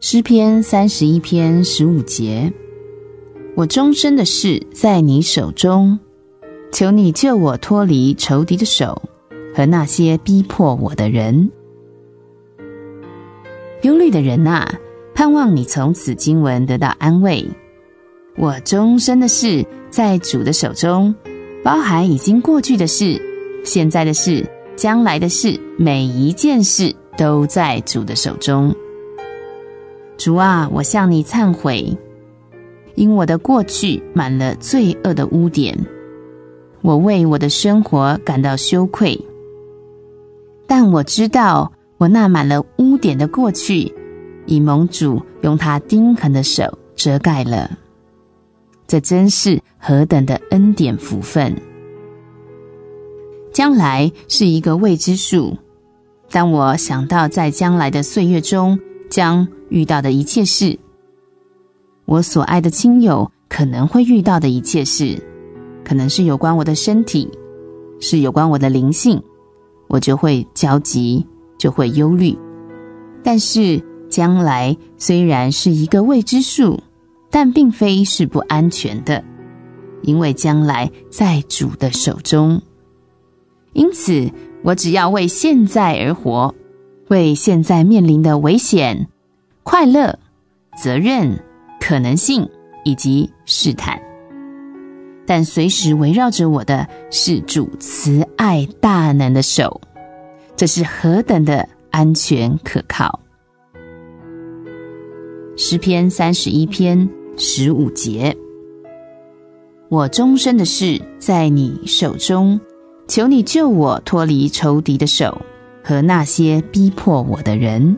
詩篇三十一篇十五節：我終身的事在你手中，求你救我脫離仇敵的手和那些逼迫我的人。憂慮的人吶、啊，盼望你從此經文得到安慰。我終身的事在主的手中，包含已經過去的事，現在的事，將來的事，每一件事都在主的手中。主啊，我向你懺悔，因我的過去滿了罪惡的污點，我為我的生活感到羞愧。但我知道，我那滿了污點的過去，已蒙主用他釘痕的手遮蓋了。這真是何等的恩典福分！將來是一個未知數，當我想到在將來的歲月中，將遇到的一切事，我所愛的親友可能會遇到的一切事，可能是有關我的身體，是有關我的靈性，我就會焦急，就會憂慮。但是將來雖然是一個未知數，但並非是不安全的，因為將來在主的手中。因此，我只要為現在而活。為現在面臨的危險、快樂、責任、可能性以及試探，但隨時圍繞着我的是主慈愛大能的手，這是何等的安全可靠！詩篇三十一篇十五節：我終身的事在你手中，求你救我脫離仇敵的手，和那些逼迫我的人。